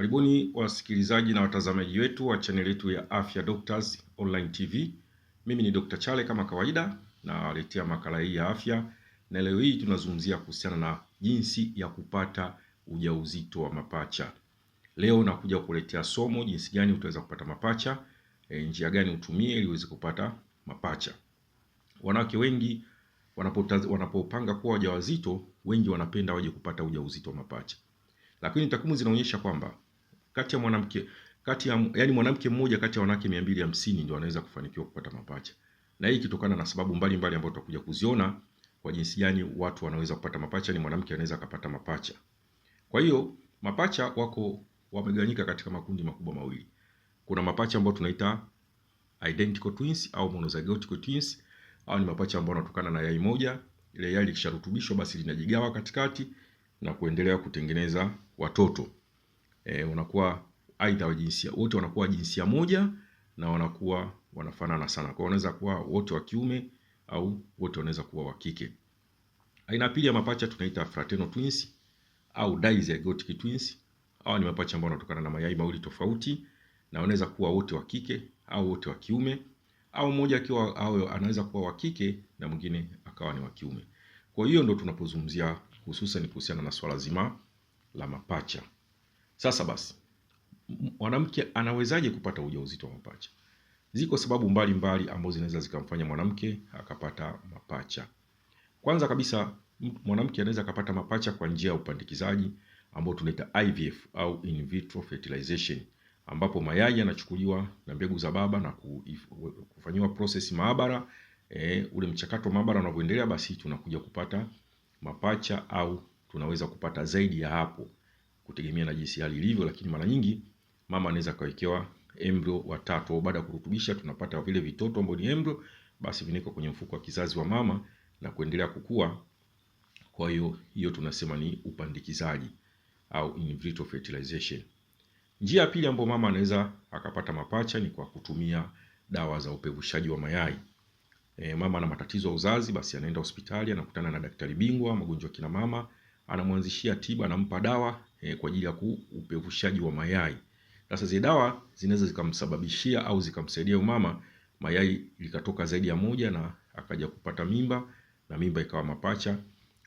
Karibuni wasikilizaji na watazamaji wetu wa chaneli yetu ya Afya Doctors Online TV. Mimi ni Dr. Chale kama kawaida, nawaletea makala hii ya afya, na leo hii tunazungumzia kuhusiana na jinsi ya kupata ujauzito wa mapacha. Leo nakuja kuletea somo jinsi gani utaweza kupata mapacha, e, njia gani utumie ili uweze kupata mapacha. Wanawake wengi wanapopanga kuwa wajawazito, wengi wanapenda waje kupata ujauzito wa mapacha, lakini takwimu zinaonyesha kwamba kati ya mwanamke kati ya yani mwanamke mmoja kati ya wanawake 250 ndio anaweza kufanikiwa kupata mapacha. Na hii kitokana na sababu mbalimbali ambazo tutakuja kuziona kwa jinsi gani watu wanaweza kupata mapacha, ni mwanamke anaweza kupata mapacha. Kwa hiyo mapacha wako wameganyika katika makundi makubwa mawili. Kuna mapacha ambao tunaita identical twins au monozygotic twins, au ni mapacha ambao wanatokana na yai moja. Ile yai likisharutubishwa basi linajigawa katikati na kuendelea kutengeneza watoto e, unakuwa aidha wa jinsia wote wanakuwa jinsia moja na wanakuwa wanafanana sana. Kwa wanaweza kuwa wote wa kiume au wote wanaweza kuwa wa kike. Aina pili ya mapacha tunaita fraternal twins au dizygotic twins. Hawa ni mapacha ambao wanatokana na mayai mawili tofauti na wanaweza kuwa wote wa kike au wote wa kiume au mmoja akiwa au anaweza kuwa wa kike na mwingine akawa ni wa kiume. Kwa hiyo ndo tunapozungumzia hususan kuhusiana na swala zima la mapacha. Sasa basi, mwanamke anawezaje kupata ujauzito wa mapacha? Ziko sababu mbalimbali ambazo zinaweza zikamfanya mwanamke akapata mapacha. Kwanza kabisa, mwanamke anaweza akapata mapacha kwa njia ya upandikizaji ambao tunaita IVF au in vitro fertilization, ambapo mayai yanachukuliwa na mbegu za baba na kufanyiwa process maabara. E, ule mchakato wa maabara unavyoendelea, basi tunakuja kupata mapacha au tunaweza kupata zaidi ya hapo kutegemea na jinsi hali ilivyo, lakini mara nyingi mama anaweza kawekewa embryo watatu au baada ya kurutubisha tunapata vile vitoto ambao ni embryo, basi vinawekwa kwenye mfuko wa kizazi wa mama na kuendelea kukua. Kwa hiyo hiyo tunasema ni upandikizaji au in vitro fertilization. Njia ya pili ambayo mama anaweza akapata mapacha ni kwa kutumia dawa za upevushaji wa mayai. E, mama ana matatizo ya uzazi, basi anaenda hospitali anakutana na daktari bingwa magonjwa kina mama, anamwanzishia tiba, anampa dawa e, kwa ajili ya upevushaji wa mayai. Sasa zile dawa zinaweza zikamsababishia au zikamsaidia umama mayai likatoka zaidi ya moja na akaja kupata mimba na mimba ikawa mapacha.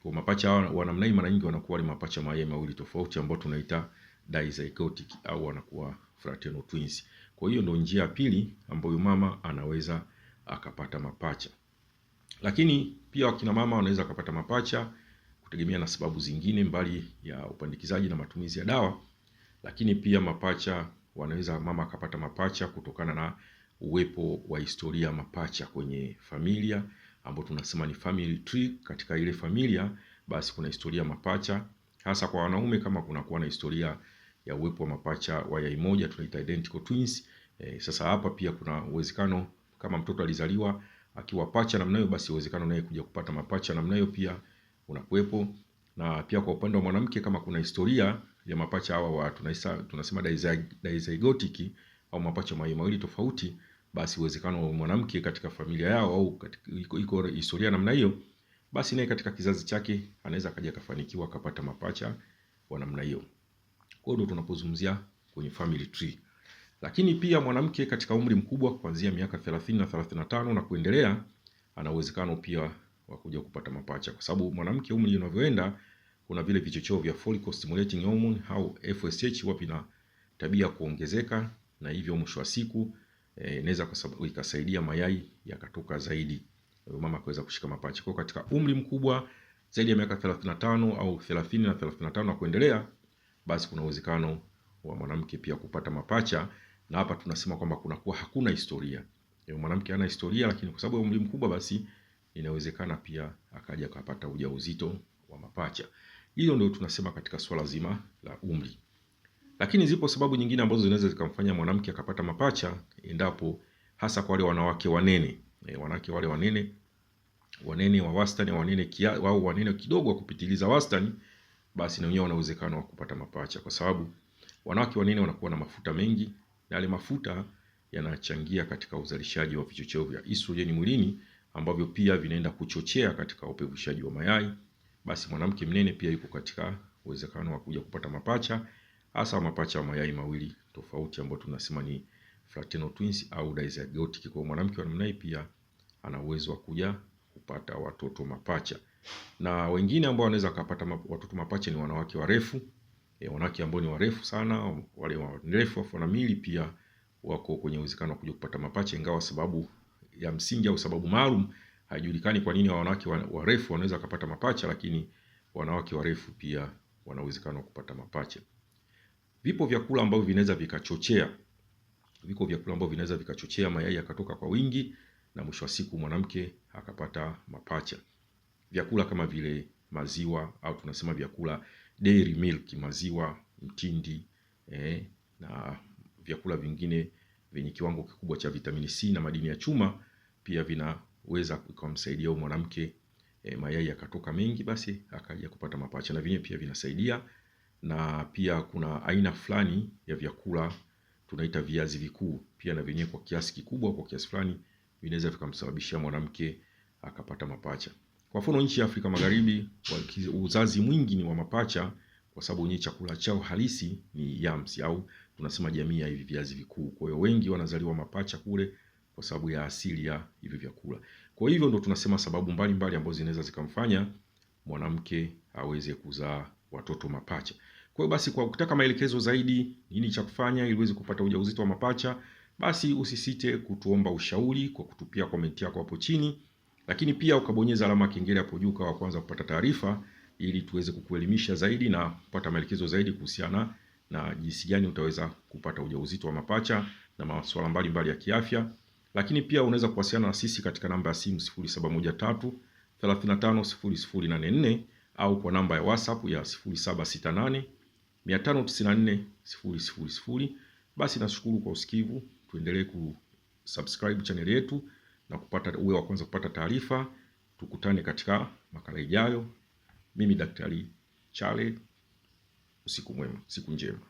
Kwa mapacha hao wa namna hii mara nyingi wanakuwa ni mapacha mayai mawili tofauti ambao tunaita dizygotic au wanakuwa fraternal twins. Kwa hiyo ndio njia ya pili ambayo mama anaweza akapata mapacha. Lakini pia wakina mama wanaweza akapata mapacha kutegemea na sababu zingine mbali ya upandikizaji na matumizi ya dawa, lakini pia mapacha wanaweza mama akapata mapacha kutokana na uwepo wa historia ya mapacha kwenye familia ambao tunasema ni family tree. Katika ile familia basi kuna historia mapacha, hasa kwa wanaume, kama kunakuwa na historia ya uwepo wa mapacha wa yai moja tunaita identical twins. E, sasa hapa pia kuna uwezekano kama mtoto alizaliwa akiwa pacha namna hiyo, basi uwezekano naye kuja kupata mapacha namna hiyo pia unakuwepo, na pia kwa upande wa mwanamke kama kuna historia ya mapacha hawa wa tunaisa, tunasema dizygotic au mapacha mawili mawili tofauti, basi uwezekano wa mwanamke katika familia yao au iko historia namna hiyo, basi naye katika kizazi chake anaweza kaja akafanikiwa akapata mapacha wa namna hiyo. Kwa hiyo ndio tunapozungumzia kwenye family tree. Lakini pia mwanamke katika umri mkubwa kuanzia miaka 30 na 35 na kuendelea ana uwezekano pia wa kuja kupata mapacha, kwa sababu mwanamke umri unavyoenda kuna vile vichocheo vya follicle stimulating hormone au FSH huwa na tabia kuongezeka, na hivyo mwisho wa siku eh, inaweza e, ikasaidia mayai yakatoka zaidi, mama kuweza kushika mapacha. Kwa katika umri mkubwa zaidi ya miaka 35 au 30 na 35 na kuendelea, basi kuna uwezekano wa mwanamke pia kupata mapacha, na hapa tunasema kwamba kunakuwa hakuna historia. E, mwanamke ana historia, lakini kwa sababu ya umri mkubwa basi inawezekana pia akaja akapata ujauzito wa mapacha. Hilo ndio tunasema katika swala zima la umri. Lakini zipo sababu nyingine ambazo zinaweza zikamfanya mwanamke akapata mapacha, endapo hasa kwa wale wanawake wanene e, wanawake wale wanene wanene wa wastani wanene kia, au wanene kidogo wa kupitiliza wastani, basi na wenyewe wana uwezekano wa kupata mapacha, kwa sababu wanawake wanene wanakuwa na mafuta mengi, na yale mafuta yanachangia katika uzalishaji wa vichocheo vya estrogen mwilini ambavyo pia vinaenda kuchochea katika upevushaji wa mayai, basi mwanamke mnene pia yuko katika uwezekano wa kuja kupata mapacha, hasa mapacha wa mayai mawili tofauti ambayo tunasema ni fraternal twins au dizygotic. Kwa mwanamke wa namna hii pia ana uwezo wa kuja kupata watoto mapacha, na wengine ambao wanaweza kupata watoto mapacha ni wanawake warefu e, wanawake ambao ni warefu sana, wale warefu wana miili pia wako kwenye uwezekano wa kuja kupata mapacha, ingawa sababu ya msingi au sababu maalum haijulikani kwa nini wanawake warefu wanaweza kupata mapacha, lakini wanawake warefu pia wana uwezekano wa kupata mapacha. Vipo vyakula ambavyo vinaweza vikachochea viko vyakula ambavyo vinaweza vikachochea mayai yakatoka kwa wingi na mwisho wa siku mwanamke akapata mapacha. Vyakula kama vile maziwa au tunasema vyakula dairy milk, maziwa, mtindi eh, na vyakula vingine vyenye kiwango kikubwa cha vitamini C na madini ya chuma pia vinaweza kumsaidia huyo mwanamke e, mayai yakatoka mengi, basi akaja kupata mapacha na vyenyewe pia vinasaidia. Na pia kuna aina fulani ya vyakula tunaita viazi vikuu, pia na vyenyewe kwa kiasi kikubwa, kwa kiasi fulani vinaweza vikamsababishia mwanamke akapata mapacha. Kwa mfano nchi ya Afrika Magharibi uzazi mwingi ni wa mapacha, kwa sababu wenyewe chakula chao halisi ni yams au tunasema jamii ya hivi viazi vikuu. Kwa hiyo wengi wanazaliwa mapacha kule kwa sababu ya asili ya hivi vyakula. Kwa hivyo ndo tunasema sababu mbalimbali ambazo zinaweza zikamfanya mwanamke aweze kuzaa watoto mapacha. Kwa hiyo basi, kwa kutaka maelekezo zaidi nini cha kufanya ili uweze kupata ujauzito wa mapacha, basi usisite kutuomba ushauri kwa kutupia komenti yako hapo chini, lakini pia ukabonyeza alama kengele hapo juu kwa kwanza kupata taarifa, ili tuweze kukuelimisha zaidi na kupata maelekezo zaidi kuhusiana na jinsi gani utaweza kupata ujauzito wa mapacha na masuala mbalimbali ya kiafya. Lakini pia unaweza kuwasiliana na sisi katika namba ya simu 0713 350084 au kwa namba ya WhatsApp ya 0768 594 Basi nashukuru kwa usikivu, tuendelee kusubscribe channel yetu na kupata uwe wa kwanza kupata taarifa. Tukutane katika makala ijayo. Mimi Daktari Chale Usiku mwema, siku njema.